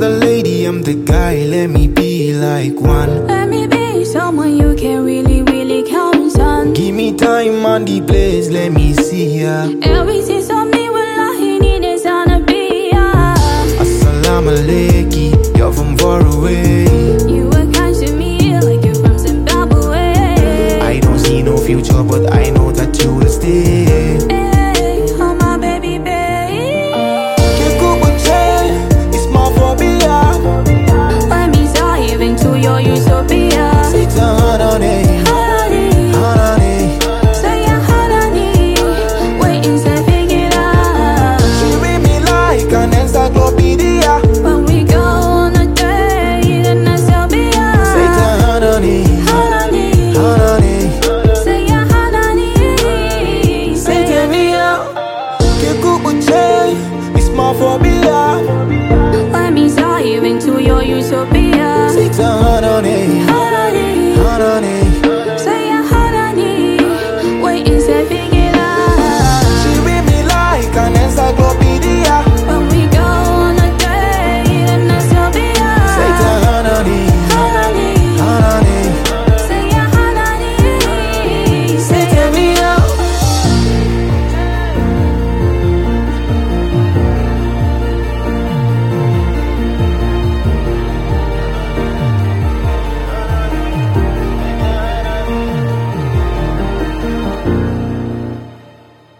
not the lady, I'm the guy. Let me be like one. Let me be someone you can really, really count on. Give me time and the place, let me see ya. Everything's on me, wallahi, need is gonna be ya. Assalamu alaikum, you're from far away. You were kind to me like you're from Zimbabwe. I don't see no future, but I know that you will stay. homophobia. Let me dive into your utopia. Six and honey, on it.